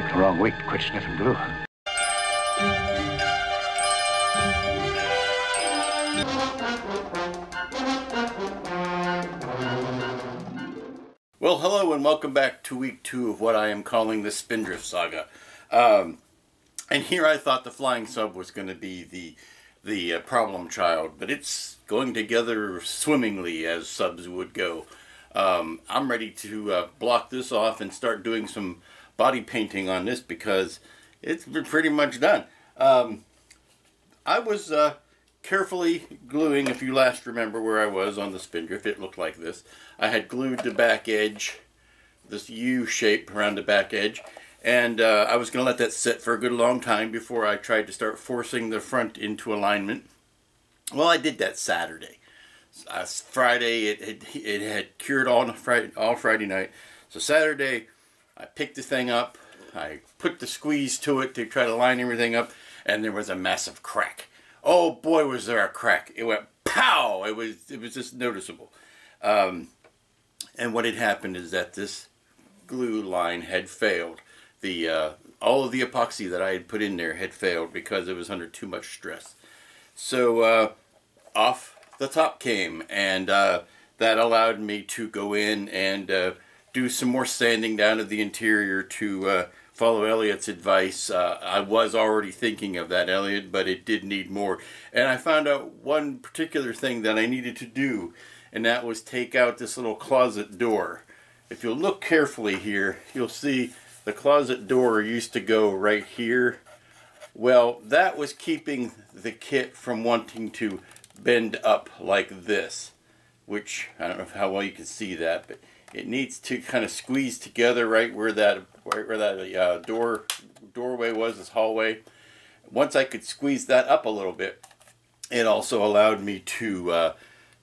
picked the wrong week to quit sniffing glue. Well, hello and welcome back to week two of what I am calling the Spindrift Saga. Um, and here I thought the flying sub was going to be the the uh, problem child, but it's going together swimmingly as subs would go. Um, I'm ready to uh, block this off and start doing some body painting on this because it's pretty much done. Um, I was uh, carefully gluing, if you last remember where I was on the spindrift, it looked like this. I had glued the back edge, this U shape around the back edge, and uh, I was going to let that sit for a good long time before I tried to start forcing the front into alignment. Well, I did that Saturday. Uh, Friday, it, it, it had cured all Friday, all Friday night. So Saturday, I picked the thing up, I put the squeeze to it to try to line everything up, and there was a massive crack. Oh boy, was there a crack! It went pow! It was it was just noticeable. Um, and what had happened is that this glue line had failed. The uh, all of the epoxy that I had put in there had failed because it was under too much stress. So uh, off the top came, and uh, that allowed me to go in and uh, do some more sanding down of the interior to uh, follow Elliot's advice. Uh, I was already thinking of that, Elliot, but it did need more. And I found out one particular thing that I needed to do, and that was take out this little closet door. If you'll look carefully here, you'll see the closet door used to go right here. Well, that was keeping the kit from wanting to bend up like this, which I don't know how well you can see that, but it needs to kind of squeeze together right where that right where that uh, door doorway was this hallway once I could squeeze that up a little bit it also allowed me to uh,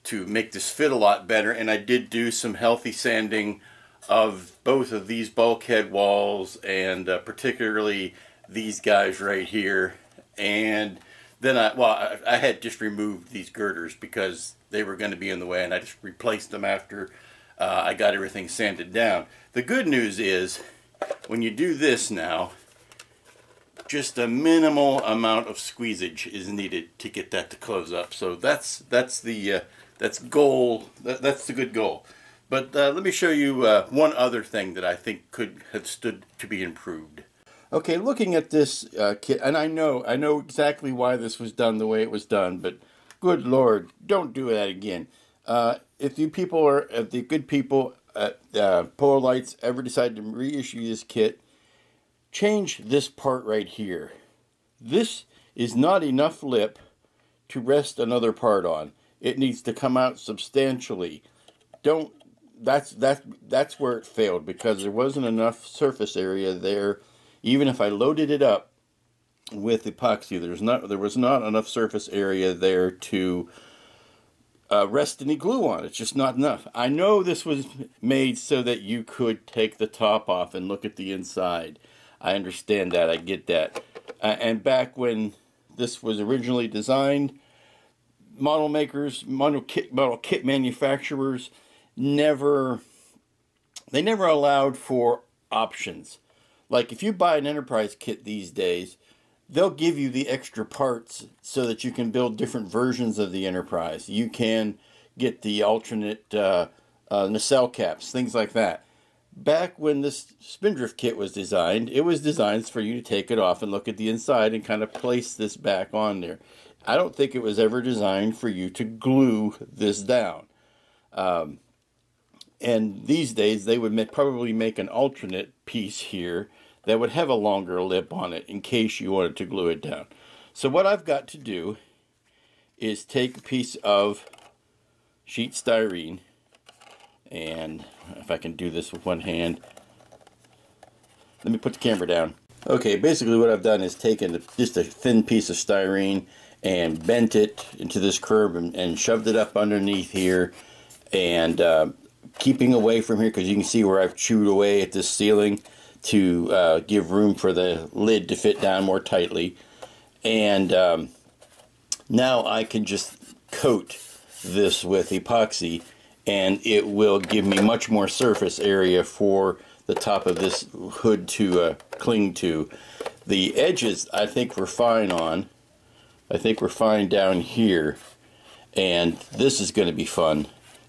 to make this fit a lot better and I did do some healthy sanding of both of these bulkhead walls and uh, particularly these guys right here and then I well I, I had just removed these girders because they were going to be in the way and I just replaced them after uh, I got everything sanded down. The good news is when you do this now, just a minimal amount of squeezage is needed to get that to close up. So that's that's the uh, that's goal. That, that's the good goal. But uh, let me show you uh, one other thing that I think could have stood to be improved. Okay, looking at this uh, kit, and I know I know exactly why this was done the way it was done, but good lord, don't do that again. Uh, if you people are, if the good people at uh, Polar Lights ever decide to reissue this kit, change this part right here. This is not enough lip to rest another part on. It needs to come out substantially. Don't that's that's that's where it failed because there wasn't enough surface area there. Even if I loaded it up with epoxy, there's not there was not enough surface area there to uh, rest any glue on. It's just not enough. I know this was made so that you could take the top off and look at the inside. I understand that. I get that. Uh, and back when this was originally designed, model makers, model kit, model kit manufacturers never they never allowed for options. Like if you buy an enterprise kit these days, they'll give you the extra parts so that you can build different versions of the Enterprise. You can get the alternate uh, uh, nacelle caps, things like that. Back when this spindrift kit was designed, it was designed for you to take it off and look at the inside and kind of place this back on there. I don't think it was ever designed for you to glue this down. Um, and these days, they would make, probably make an alternate piece here that would have a longer lip on it in case you wanted to glue it down. So what I've got to do is take a piece of sheet styrene and if I can do this with one hand let me put the camera down okay basically what I've done is taken just a thin piece of styrene and bent it into this curve and, and shoved it up underneath here and uh, keeping away from here because you can see where I've chewed away at this ceiling to uh, give room for the lid to fit down more tightly. And um, now I can just coat this with epoxy and it will give me much more surface area for the top of this hood to uh, cling to. The edges I think we're fine on. I think we're fine down here and this is going to be fun.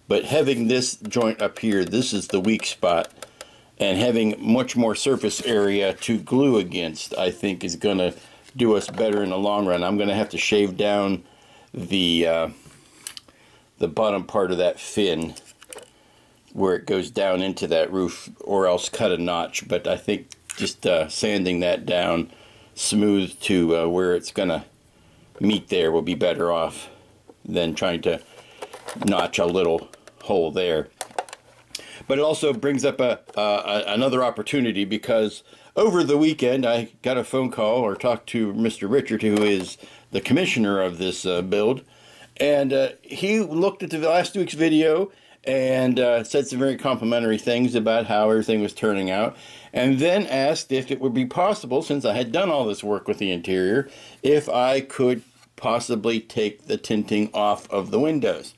But having this joint up here, this is the weak spot and having much more surface area to glue against, I think is going to do us better in the long run. I'm going to have to shave down the uh, the bottom part of that fin where it goes down into that roof or else cut a notch. But I think just uh, sanding that down smooth to uh, where it's going to meet there will be better off than trying to notch a little hole there but it also brings up a, another opportunity because over the weekend I got a phone call or talked to Mr. Richard, who is the commissioner of this uh, build, and uh, he looked at the last week's video and uh, said some very complimentary things about how everything was turning out, and then asked if it would be possible, since I had done all this work with the interior, if I could possibly take the tinting off of the windows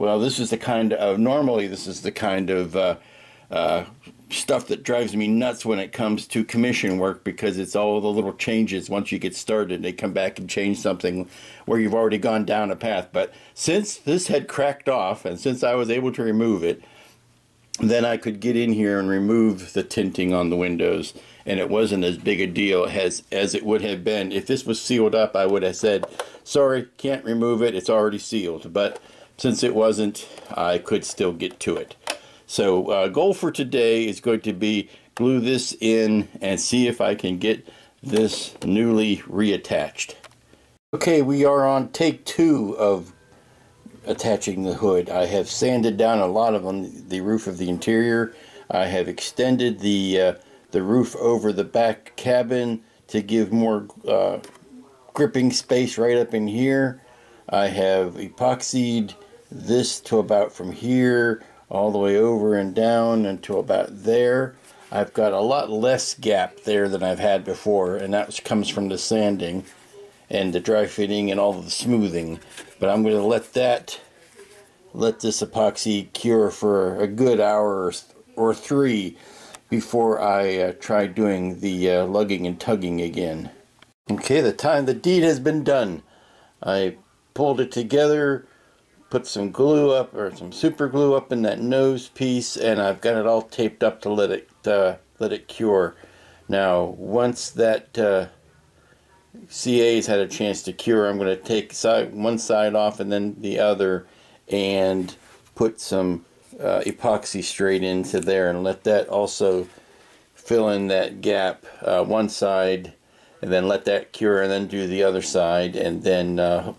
well, this is the kind of normally this is the kind of uh, uh, stuff that drives me nuts when it comes to commission work because it's all the little changes once you get started they come back and change something where you've already gone down a path but since this had cracked off and since I was able to remove it then I could get in here and remove the tinting on the windows and it wasn't as big a deal as as it would have been if this was sealed up I would have said sorry can't remove it it's already sealed but since it wasn't, I could still get to it. So uh, goal for today is going to be glue this in and see if I can get this newly reattached. Okay, we are on take two of attaching the hood. I have sanded down a lot of on the roof of the interior. I have extended the uh, the roof over the back cabin to give more uh, gripping space right up in here. I have epoxied this to about from here all the way over and down until about there. I've got a lot less gap there than I've had before, and that comes from the sanding and the dry fitting and all the smoothing. But I'm going to let that, let this epoxy cure for a good hour or three before I uh, try doing the uh, lugging and tugging again. Okay, the time the deed has been done. I pulled it together, put some glue up or some super glue up in that nose piece and I've got it all taped up to let it uh, let it cure now once that uh, CA's had a chance to cure I'm going to take side, one side off and then the other and put some uh, epoxy straight into there and let that also fill in that gap uh, one side and then let that cure and then do the other side and then uh,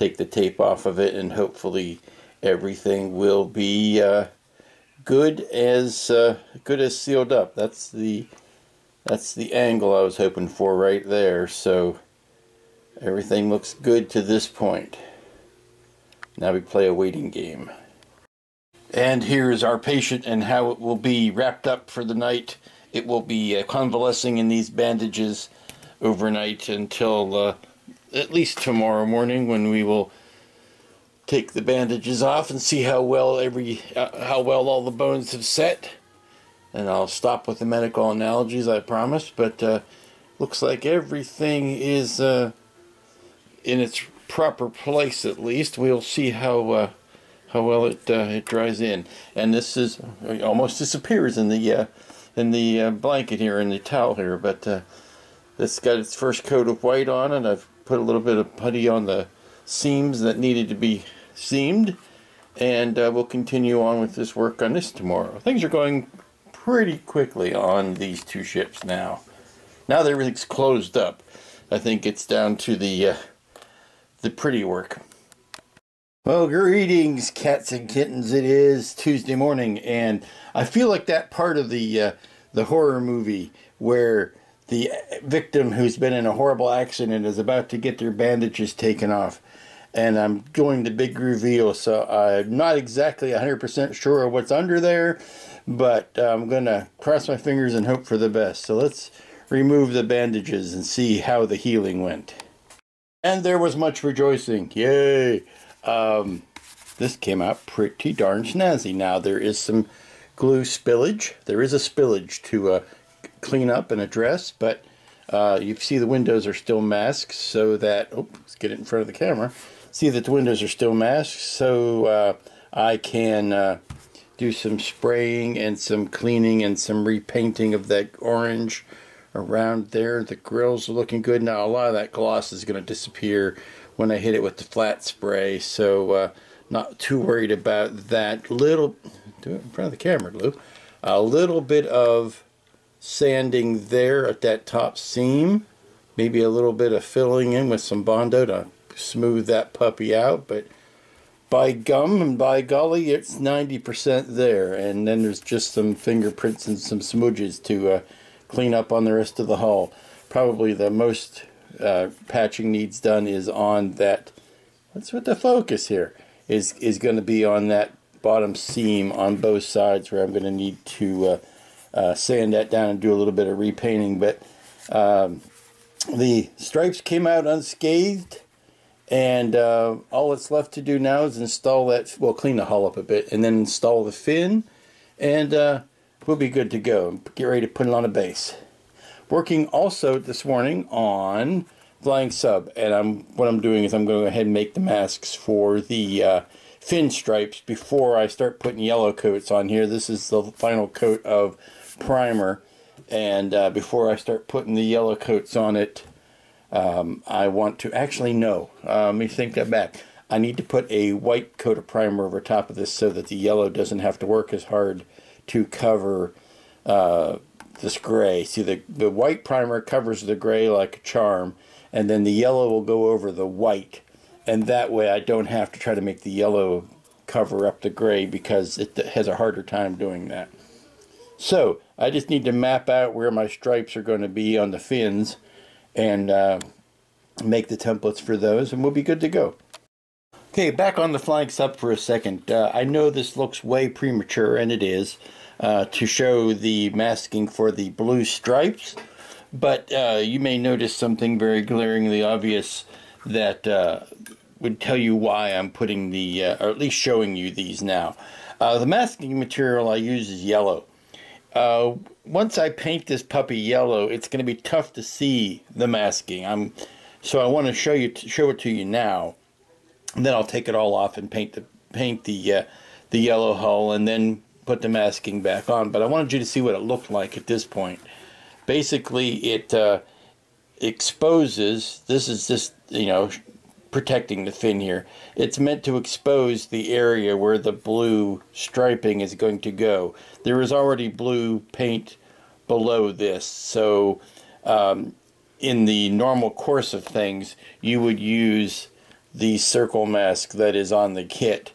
take the tape off of it and hopefully everything will be uh, good as uh, good as sealed up that's the that's the angle I was hoping for right there so everything looks good to this point now we play a waiting game and here is our patient and how it will be wrapped up for the night it will be uh, convalescing in these bandages overnight until uh, at least tomorrow morning when we will take the bandages off and see how well every uh, how well all the bones have set and I'll stop with the medical analogies I promise but uh, looks like everything is uh, in its proper place at least we'll see how uh, how well it uh, it dries in and this is almost disappears in the uh, in the blanket here in the towel here but it's got its first coat of white on and I've put a little bit of putty on the seams that needed to be seamed and uh, we'll continue on with this work on this tomorrow. Things are going pretty quickly on these two ships now. Now that everything's closed up, I think it's down to the uh, the pretty work. Well, greetings, cats and kittens. It is Tuesday morning, and I feel like that part of the uh, the horror movie where the victim who's been in a horrible accident is about to get their bandages taken off. And I'm doing the big reveal, so I'm not exactly 100% sure what's under there, but I'm going to cross my fingers and hope for the best. So let's remove the bandages and see how the healing went. And there was much rejoicing. Yay! Um, this came out pretty darn snazzy. Now there is some glue spillage. There is a spillage to a uh, clean up and address, but uh, you see the windows are still masked so that, oh, let's get it in front of the camera, see that the windows are still masked so uh, I can uh, do some spraying and some cleaning and some repainting of that orange around there. The grills are looking good. Now a lot of that gloss is going to disappear when I hit it with the flat spray, so uh, not too worried about that. Little, do it in front of the camera, Lou. A little bit of sanding there at that top seam. Maybe a little bit of filling in with some Bondo to smooth that puppy out. But by gum and by golly, it's 90% there. And then there's just some fingerprints and some smudges to uh, clean up on the rest of the hull. Probably the most uh, patching needs done is on that. What's with the focus here is is going to be on that bottom seam on both sides where I'm going to need to uh, uh, sand that down and do a little bit of repainting. But um, the stripes came out unscathed. And uh, all that's left to do now is install that, well, clean the hull up a bit, and then install the fin, and uh, we'll be good to go. Get ready to put it on a base. Working also this morning on flying sub, and I'm what I'm doing is I'm going to go ahead and make the masks for the uh, fin stripes before I start putting yellow coats on here. This is the final coat of primer and uh, before I start putting the yellow coats on it um, I want to actually no uh, let me think that back I need to put a white coat of primer over top of this so that the yellow doesn't have to work as hard to cover uh, this gray see the the white primer covers the gray like a charm and then the yellow will go over the white and that way I don't have to try to make the yellow cover up the gray because it has a harder time doing that. So I just need to map out where my stripes are going to be on the fins and uh, make the templates for those and we'll be good to go. Okay, back on the flying sub for a second. Uh, I know this looks way premature, and it is, uh, to show the masking for the blue stripes, but uh, you may notice something very glaringly obvious that uh, would tell you why I'm putting the, uh, or at least showing you these now. the masking material I use is yellow. Uh, once I paint this puppy yellow, it's going to be tough to see the masking. I'm, so I want to show you show it to you now. And then I'll take it all off and paint the paint the uh, the yellow hull, and then put the masking back on. But I wanted you to see what it looked like at this point. Basically, it uh, exposes. This is just you know protecting the fin here. It's meant to expose the area where the blue striping is going to go. There is already blue paint below this, so um, in the normal course of things, you would use the circle mask that is on the kit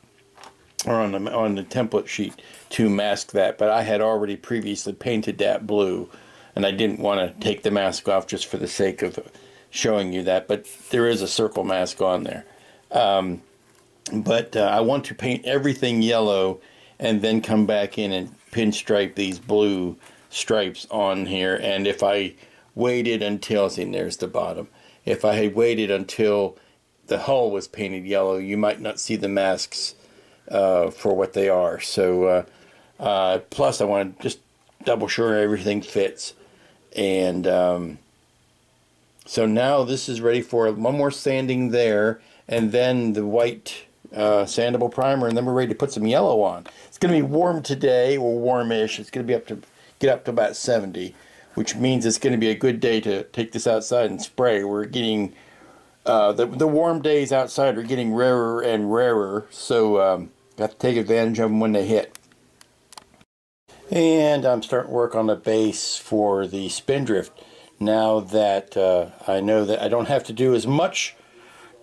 or on the, on the template sheet to mask that, but I had already previously painted that blue and I didn't want to take the mask off just for the sake of showing you that, but there is a circle mask on there. Um, but uh, I want to paint everything yellow and then come back in and pinstripe these blue stripes on here. And if I waited until, see, there's the bottom. If I had waited until the hull was painted yellow, you might not see the masks uh, for what they are. So, uh, uh plus I want to just double sure everything fits. And, um, so now this is ready for one more sanding there and then the white uh, sandable primer and then we're ready to put some yellow on. It's going to be warm today or warmish. It's going to be up to get up to about 70 which means it's going to be a good day to take this outside and spray. We're getting uh, the, the warm days outside are getting rarer and rarer, so um, got to take advantage of them when they hit. And I'm starting work on the base for the spindrift now that uh, I know that I don't have to do as much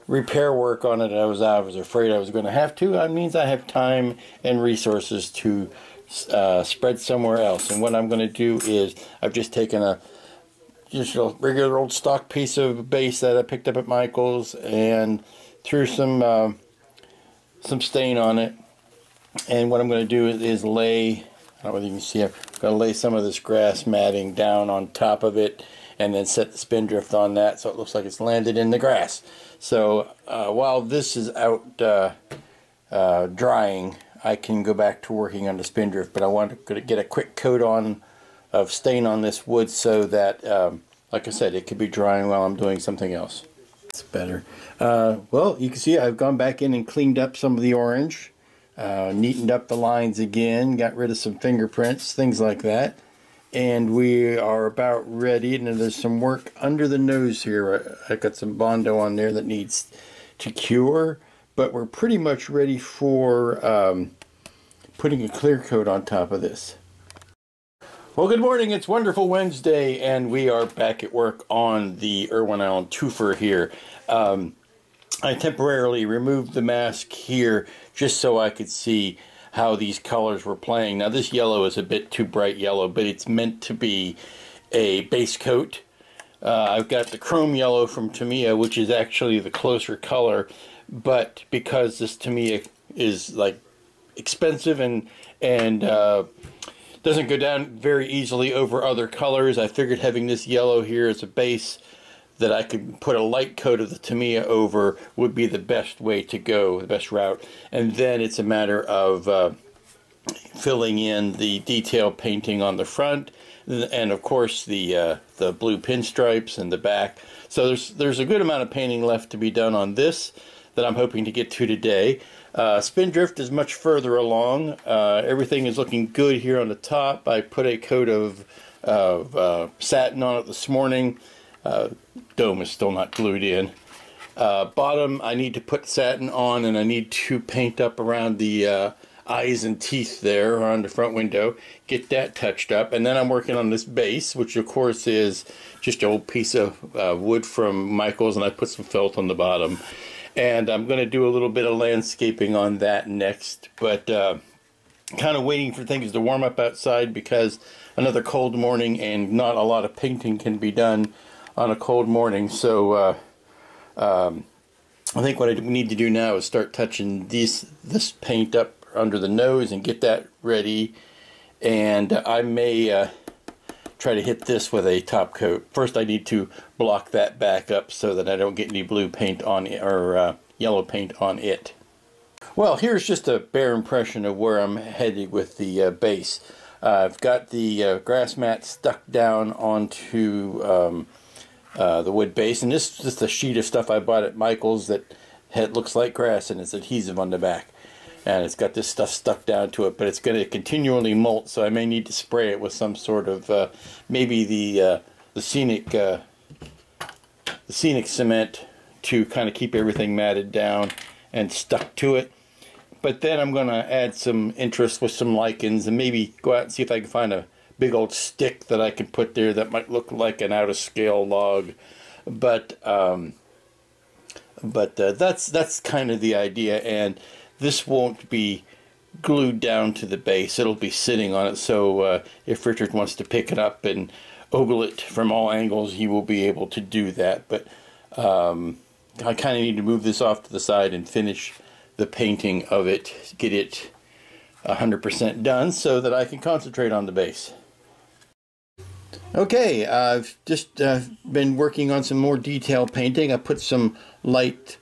repair work on it I was I was afraid I was going to have to. That means I have time and resources to uh, spread somewhere else. And what I'm going to do is I've just taken a just a regular old stock piece of base that I picked up at Michael's and threw some uh, some stain on it. And what I'm going to do is, is lay I don't know whether you can see it. I'm going to lay some of this grass matting down on top of it and then set the spindrift on that so it looks like it's landed in the grass. So uh, while this is out uh, uh, drying, I can go back to working on the spindrift, but I want to get a quick coat on of stain on this wood so that, um, like I said, it could be drying while I'm doing something else. It's better. Uh, well, you can see I've gone back in and cleaned up some of the orange, uh, neatened up the lines again, got rid of some fingerprints, things like that and we are about ready. Now there's some work under the nose here. I, got some Bondo on there that needs to cure, but we're pretty much ready for um, putting a clear coat on top of this. Well, good morning. It's wonderful Wednesday, and we are back at work on the Irwin Island twofer here. Um, I temporarily removed the mask here just so I could see how these colors were playing. Now this yellow is a bit too bright yellow, but it's meant to be a base coat. Uh, I've got the chrome yellow from Tamiya, which is actually the closer color, but because this Tamiya is like expensive and and uh, doesn't go down very easily over other colors, I figured having this yellow here as a base that I could put a light coat of the Tamiya over would be the best way to go, the best route. And then it's a matter of uh, filling in the detail painting on the front and of course the uh, the blue pinstripes and the back. So there's there's a good amount of painting left to be done on this that I'm hoping to get to today. Uh, Spindrift is much further along. Uh, everything is looking good here on the top. I put a coat of, of uh, satin on it this morning. Uh, dome is still not glued in. Uh, bottom, I need to put satin on and I need to paint up around the uh, eyes and teeth there on the front window. Get that touched up. And then I'm working on this base, which of course is just an old piece of uh, wood from Michael's and I put some felt on the bottom. And I'm going to do a little bit of landscaping on that next. But uh, kind of waiting for things to warm up outside because another cold morning and not a lot of painting can be done on a cold morning. So uh, um, I think what I need to do now is start touching these this paint up under the nose and get that ready. And I may uh, try to hit this with a top coat. First, I need to block that back up so that I don't get any blue paint on it or uh, yellow paint on it. Well, here's just a bare impression of where I'm headed with the uh, base. Uh, I've got the uh, grass mat stuck down onto um, uh, the wood base. And this is just a sheet of stuff I bought at Michael's that had, looks like grass and it's adhesive on the back. And it's got this stuff stuck down to it, but it's going to continually molt, so I may need to spray it with some sort of, uh, maybe the, uh, the scenic uh, the scenic cement to kind of keep everything matted down and stuck to it but then I'm going to add some interest with some lichens and maybe go out and see if I can find a big old stick that I can put there that might look like an out of scale log. But um, but uh, that's that's kind of the idea, and this won't be glued down to the base. It'll be sitting on it, so uh, if Richard wants to pick it up and ogle it from all angles, he will be able to do that. But um, I kind of need to move this off to the side and finish the painting of it, get it 100% done so that I can concentrate on the base. Okay, I've just uh, been working on some more detail painting. I put some light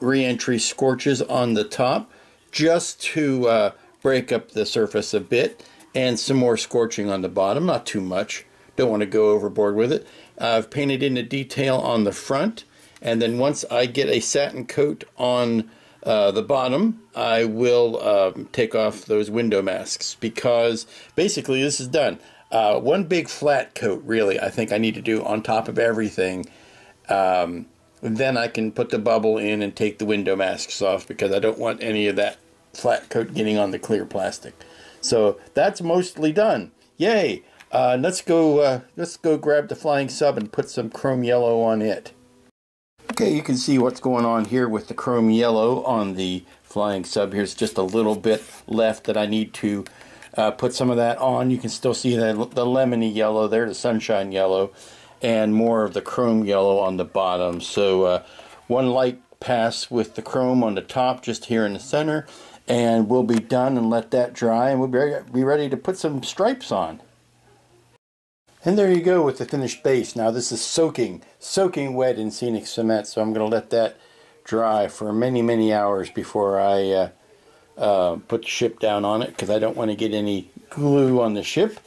reentry scorches on the top just to uh, break up the surface a bit and some more scorching on the bottom, not too much. Don't want to go overboard with it. I've painted in the detail on the front and then once I get a satin coat on uh, the bottom, I will um, take off those window masks because basically this is done. Uh, one big flat coat, really, I think I need to do on top of everything. Um, then I can put the bubble in and take the window masks off because I don't want any of that flat coat getting on the clear plastic. So that's mostly done. Yay! Uh, let's go. Uh, let's go grab the flying sub and put some chrome yellow on it. Okay, you can see what's going on here with the chrome yellow on the flying sub. Here's just a little bit left that I need to uh, put some of that on. You can still see the, the lemony yellow there, the sunshine yellow, and more of the chrome yellow on the bottom. So uh, one light pass with the chrome on the top just here in the center, and we'll be done and let that dry, and we'll be ready, to put some stripes on. And there you go with the finished base. Now this is soaking, soaking wet in scenic cement, so I'm going to let that dry for many, many hours before I uh, uh, put the ship down on it because I don't want to get any glue on the ship.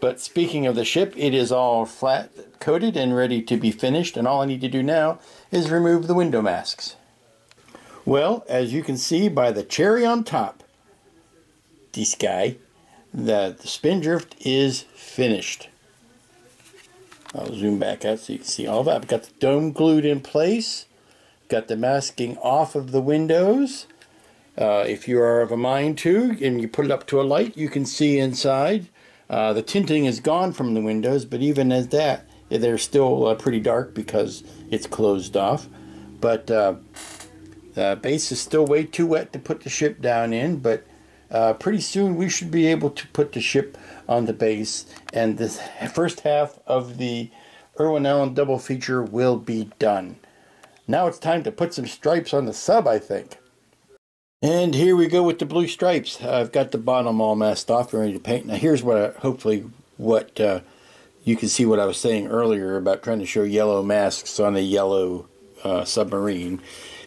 But speaking of the ship, it is all flat coated and ready to be finished and all I need to do now is remove the window masks. Well, as you can see by the cherry on top, this guy, the, the spindrift is finished. I'll zoom back out so you can see all that. I've got the dome glued in place, got the masking off of the windows, uh, if you are of a mind to, and you put it up to a light, you can see inside. Uh, the tinting is gone from the windows, but even as that, they're still uh, pretty dark because it's closed off. But uh, the base is still way too wet to put the ship down in, but uh, pretty soon we should be able to put the ship on the base, and the first half of the Irwin Allen double feature will be done. Now it's time to put some stripes on the sub, I think. And here we go with the blue stripes. I've got the bottom all masked off and ready to paint. Now here's what I, hopefully what uh, you can see what I was saying earlier about trying to show yellow masks on a yellow uh, submarine.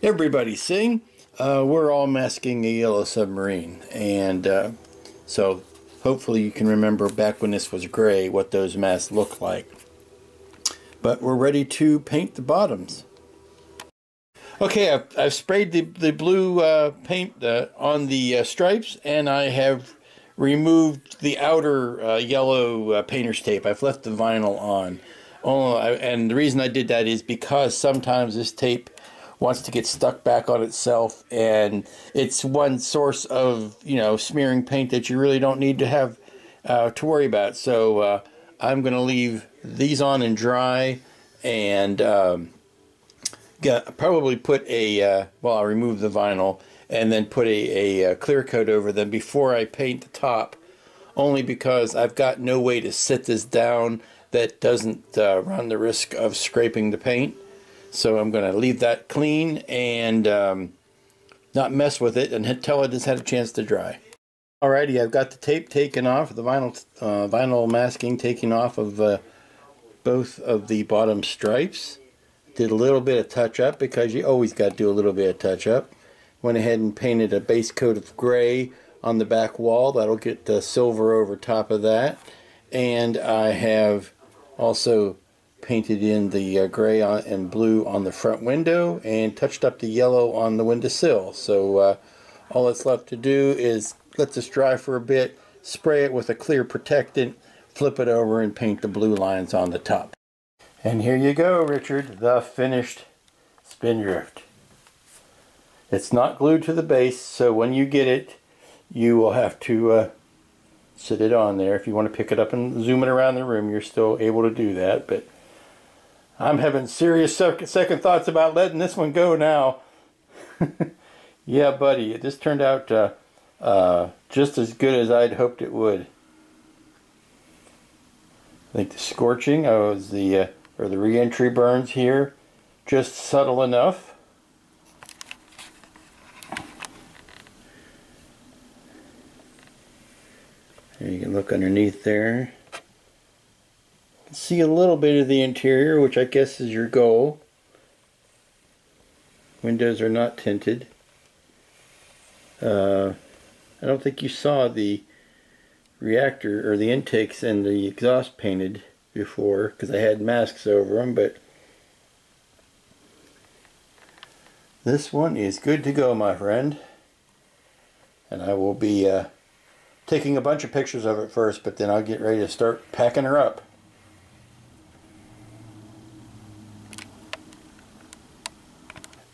Everybody sing. Uh, we're all masking a yellow submarine. And uh, so hopefully you can remember back when this was gray what those masks looked like. But we're ready to paint the bottoms. Okay, I've, I've sprayed the, the blue uh, paint uh, on the uh, stripes and I have removed the outer uh, yellow uh, painter's tape. I've left the vinyl on. Oh, I, and the reason I did that is because sometimes this tape wants to get stuck back on itself and it's one source of, you know, smearing paint that you really don't need to have uh, to worry about. So I'm going to leave these on and dry and... Um, probably put a uh, well, I'll remove the vinyl and then put a, a, a uh, clear coat over them before I paint the top, only because I've got no way to sit this down that doesn't uh, run the risk of scraping the paint. So I'm going to leave that clean and um, not mess with it until it has had a chance to dry. Alrighty, I've got the tape taken off, the vinyl uh, vinyl masking taken off of uh, both of the bottom stripes did a little bit of touch up because you always got to do a little bit of touch up. Went ahead and painted a base coat of gray on the back wall. That'll get the silver over top of that. And I have also painted in the uh, gray on, and blue on the front window and touched up the yellow on the windowsill. So uh, all that's left to do is let this dry for a bit, spray it with a clear protectant, flip it over and paint the blue lines on the top. And here you go, Richard, the finished spindrift. It's not glued to the base, so when you get it, you will have to uh, sit it on there. If you want to pick it up and zoom it around the room, you're still able to do that. But I'm having serious second thoughts about letting this one go now. yeah, buddy, this turned out uh, uh, just as good as I'd hoped it would. I think the scorching, oh, was the uh, or the reentry burns here just subtle enough you can look underneath there see a little bit of the interior which I guess is your goal windows are not tinted uh, I don't think you saw the reactor or the intakes and the exhaust painted before because I had masks over them, but this one is good to go, my friend. And I will be uh, taking a bunch of pictures of it first, but then I'll get ready to start packing her up.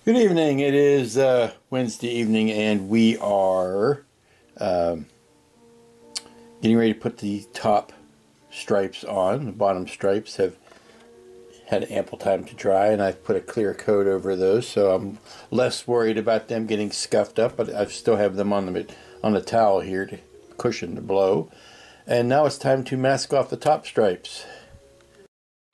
Good evening. It is uh, Wednesday evening, and we are um, getting ready to put the top stripes on. The bottom stripes have had ample time to dry and I've put a clear coat over those so I'm less worried about them getting scuffed up but I still have them on the on the towel here to cushion the blow and now it's time to mask off the top stripes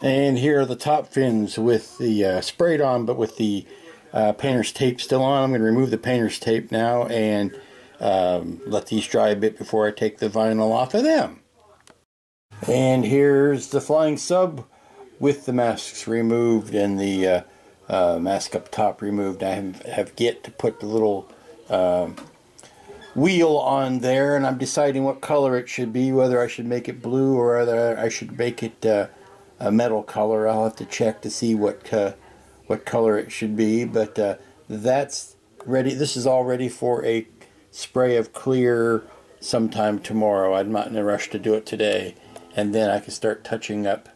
and here are the top fins with the uh, sprayed on but with the uh, painter's tape still on I'm going to remove the painter's tape now and um, let these dry a bit before I take the vinyl off of them and here's the flying sub with the masks removed and the uh, uh, mask up top removed. I have, have yet to put the little uh, wheel on there and I'm deciding what color it should be, whether I should make it blue or whether I should make it uh, a metal color. I'll have to check to see what, uh, what color it should be, but uh, that's ready. This is all ready for a spray of clear sometime tomorrow. I'm not in a rush to do it today and then I can start touching up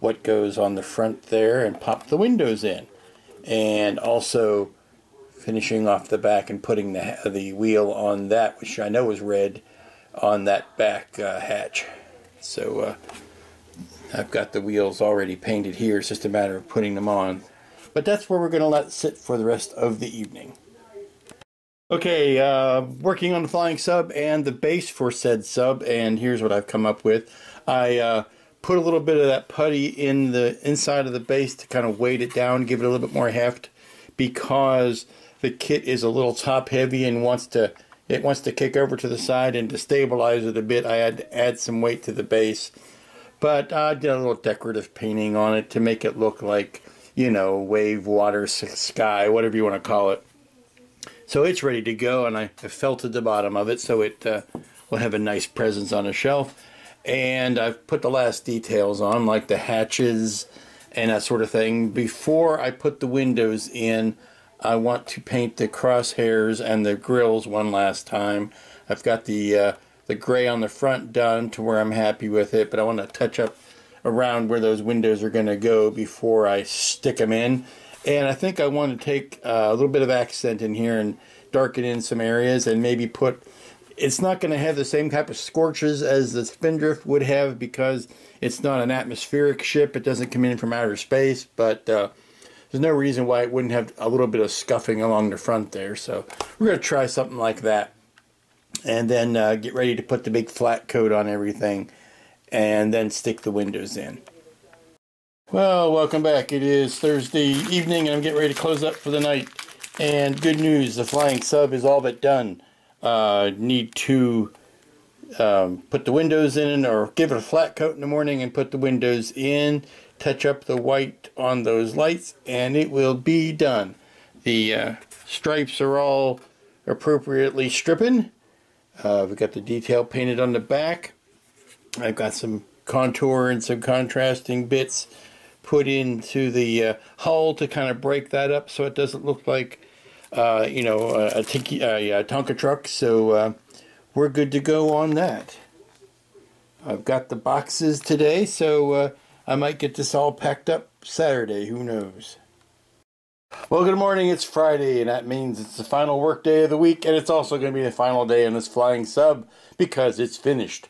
what goes on the front there and pop the windows in and also finishing off the back and putting the, the wheel on that which I know is red on that back uh, hatch so uh, I've got the wheels already painted here it's just a matter of putting them on but that's where we're going to let sit for the rest of the evening Okay, uh, working on the flying sub and the base for said sub, and here's what I've come up with. I uh, put a little bit of that putty in the inside of the base to kind of weight it down, give it a little bit more heft, because the kit is a little top heavy and wants to it wants to kick over to the side and to stabilize it a bit. I had to add some weight to the base, but I did a little decorative painting on it to make it look like you know wave, water, sky, whatever you want to call it. So it's ready to go, and I, have felted the bottom of it so it uh, will have a nice presence on a shelf. And I've put the last details on, like the hatches and that sort of thing. Before I put the windows in, I want to paint the crosshairs and the grills one last time. I've got the uh, the gray on the front done to where I'm happy with it, but I want to touch up around where those windows are going to go before I stick them in. And I think I want to take uh, a little bit of accent in here and darken in some areas and maybe put, it's not going to have the same type of scorches as the Spindrift would have because it's not an atmospheric ship. It doesn't come in from outer space, but uh, there's no reason why it wouldn't have a little bit of scuffing along the front there. So we're going to try something like that and then uh, get ready to put the big flat coat on everything and then stick the windows in. Well, welcome back. It is Thursday evening, and I'm getting ready to close up for the night. And good news, the flying sub is all but done. Uh, need to um, put the windows in or give it a flat coat in the morning and put the windows in, touch up the white on those lights, and it will be done. The uh, stripes are all appropriately stripping. Uh, we've got the detail painted on the back. I've got some contour and some contrasting bits put into the uh, hull to kind of break that up so it doesn't look like, uh, you know, a, a, tiki, a, a Tonka truck. So uh, we're good to go on that. I've got the boxes today, so uh, I might get this all packed up Saturday. Who knows? Well, good morning. It's Friday, and that means it's the final work day of the week, and it's also going to be the final day on this flying sub because it's finished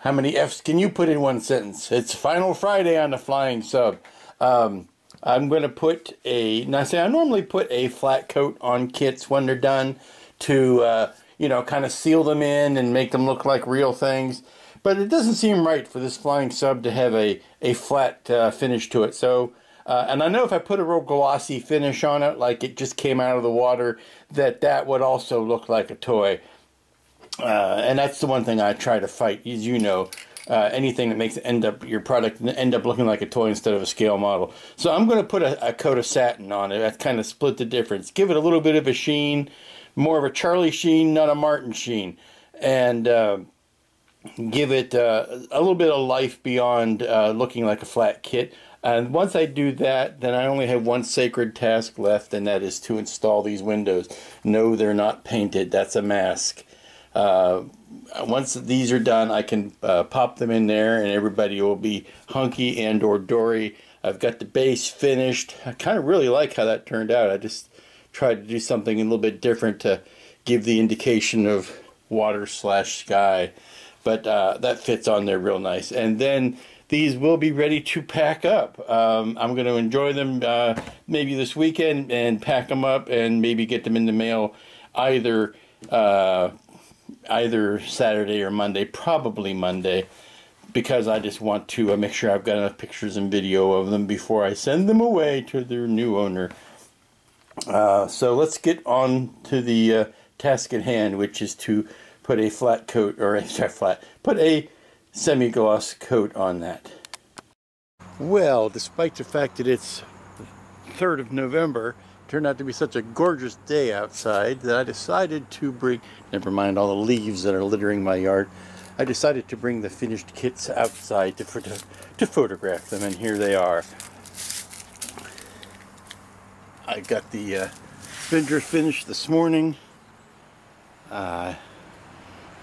how many F's can you put in one sentence? It's Final Friday on the Flying Sub. Um, I'm going to put a. Now, say I normally put a flat coat on kits when they're done to, uh, you know, kind of seal them in and make them look like real things. But it doesn't seem right for this flying sub to have a, a flat uh, finish to it. So, uh, and I know if I put a real glossy finish on it, like it just came out of the water, that that would also look like a toy. Uh, and that's the one thing I try to fight, as you know. Uh, anything that makes it end up your product end up looking like a toy instead of a scale model. So I'm going to put a, a coat of satin on it. That kind of split the difference. Give it a little bit of a sheen, more of a Charlie sheen, not a Martin sheen, and uh, give it uh, a little bit of life beyond uh, looking like a flat kit. And once I do that, then I only have one sacred task left, and that is to install these windows. No, they're not painted. That's a mask. Uh, once these are done, I can uh, pop them in there and everybody will be hunky and or dory. I've got the base finished. I kind of really like how that turned out. I just tried to do something a little bit different to give the indication of water slash sky. But uh, that fits on there real nice. And then these will be ready to pack up. Um, I'm going to enjoy them uh, maybe this weekend and pack them up and maybe get them in the mail either uh, either Saturday or Monday, probably Monday, because I just want to uh, make sure I've got enough pictures and video of them before I send them away to their new owner. Uh, so let's get on to the uh, task at hand, which is to put a flat coat, or a flat, put a semi-gloss coat on that. Well, despite the fact that it's 3rd of November, turned out to be such a gorgeous day outside that I decided to bring, never mind all the leaves that are littering my yard, I decided to bring the finished kits outside to, to, to photograph them, and here they are. I got the uh, Spinger finished this morning. Uh,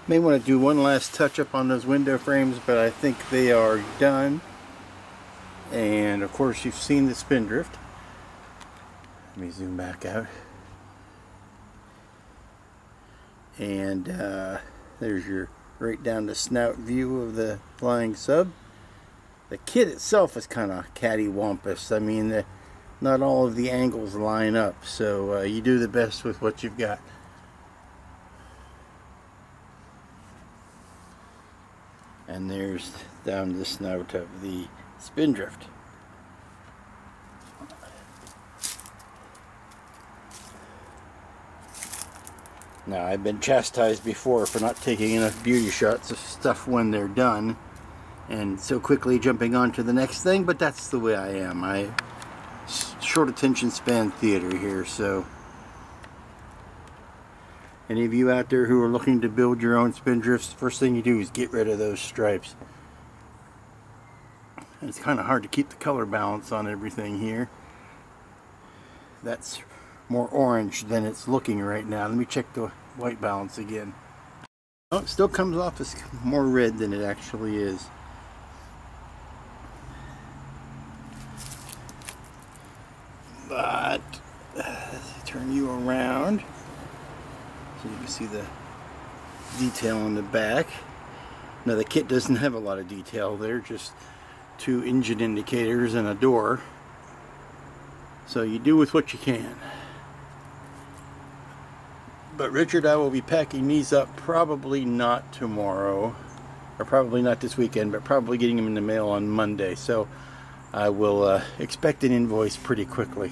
may want to do one last touch up on those window frames, but I think they are done. And of course, you've seen the spindrift. Let me zoom back out. And uh, there's your right down the snout view of the flying sub. The kit itself is kind of cattywampus. I mean, the, not all of the angles line up, so uh, you do the best with what you've got. And there's down the snout of the spindrift. Now I've been chastised before for not taking enough beauty shots of stuff when they're done and so quickly jumping on to the next thing, but that's the way I am. I short attention span theater here, so any of you out there who are looking to build your own spindrifts, first thing you do is get rid of those stripes. It's kind of hard to keep the color balance on everything here. That's more orange than it's looking right now. Let me check the white balance again. Oh, it still comes off as more red than it actually is. But, turn you around so you can see the detail on the back. Now the kit doesn't have a lot of detail there, just two engine indicators and a door. So you do with what you can but Richard, I will be packing these up probably not tomorrow, or probably not this weekend, but probably getting them in the mail on Monday. So I will uh, expect an invoice pretty quickly.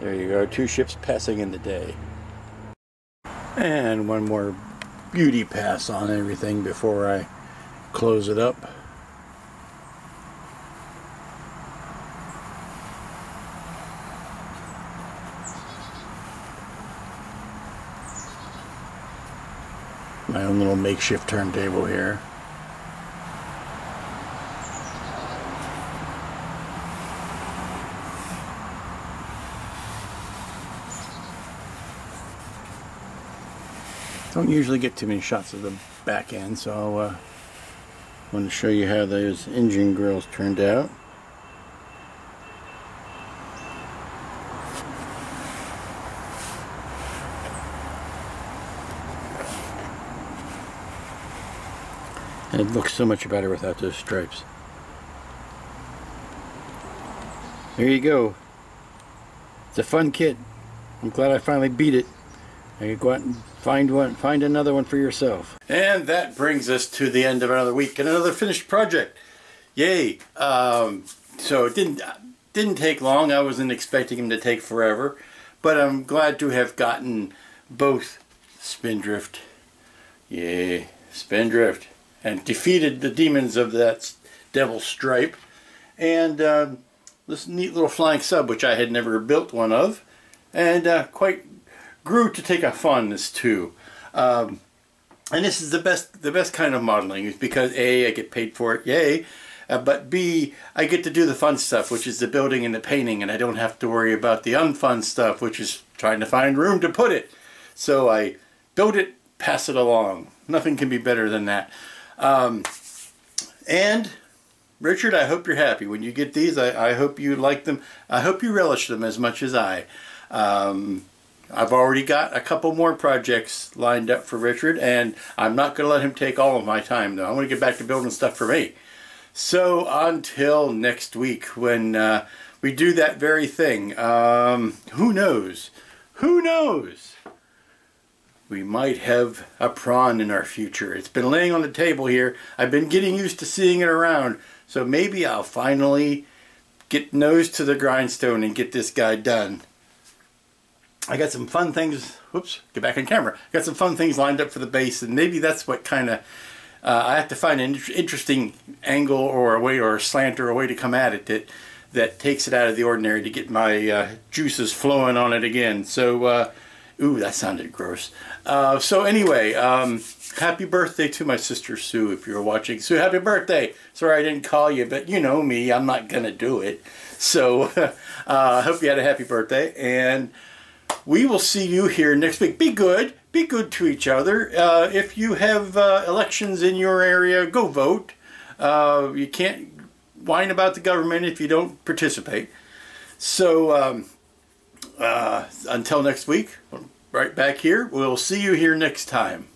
There you go, two ships passing in the day. And one more beauty pass on everything before I close it up. own little makeshift turntable here. Don't usually get too many shots of the back end, so I uh, want to show you how those engine grills turned out. And it looks so much better without those stripes. There you go. It's a fun kit. I'm glad I finally beat it. Now you go out and find one, find another one for yourself. And that brings us to the end of another week and another finished project. Yay! Um, so it didn't didn't take long. I wasn't expecting him to take forever, but I'm glad to have gotten both Spindrift. Yay, Spindrift and defeated the demons of that devil stripe. And um, this neat little flying sub, which I had never built one of, and uh, quite grew to take a fondness to. Um, and this is the best the best kind of modeling is because a I get paid for it, yay. Uh, but B, I get to do the fun stuff, which is the building and the painting, and I don't have to worry about the unfun stuff, which is trying to find room to put it. So I build it, pass it along. Nothing can be better than that. Um, and Richard, I hope you're happy when you get these. I, I, hope you like them. I hope you relish them as much as I. Um, I've already got a couple more projects lined up for Richard, and I'm not going to let him take all of my time, though. I want to get back to building stuff for me. So until next week when uh, we do that very thing, um, who knows? Who knows? we might have a prawn in our future. It's been laying on the table here. I've been getting used to seeing it around. So maybe I'll finally get nose to the grindstone and get this guy done. I got some fun things, whoops, get back on camera. I got some fun things lined up for the base and maybe that's what kind of, uh, I have to find an interesting angle or a way or a slant or a way to come at it that, that takes it out of the ordinary to get my uh, juices flowing on it again. So uh, Ooh, that sounded gross. Uh, so anyway, um, happy birthday to my sister Sue if you're watching. Sue, happy birthday. Sorry I didn't call you, but you know me. I'm not going to do it. So uh, I uh, hope you had a happy birthday. And we will see you here next week. Be good. Be good to each other. Uh, if you have uh, elections in your area, go vote. Uh, you can't whine about the government if you don't participate. So... Um, uh, until next week, right back here. We'll see you here next time.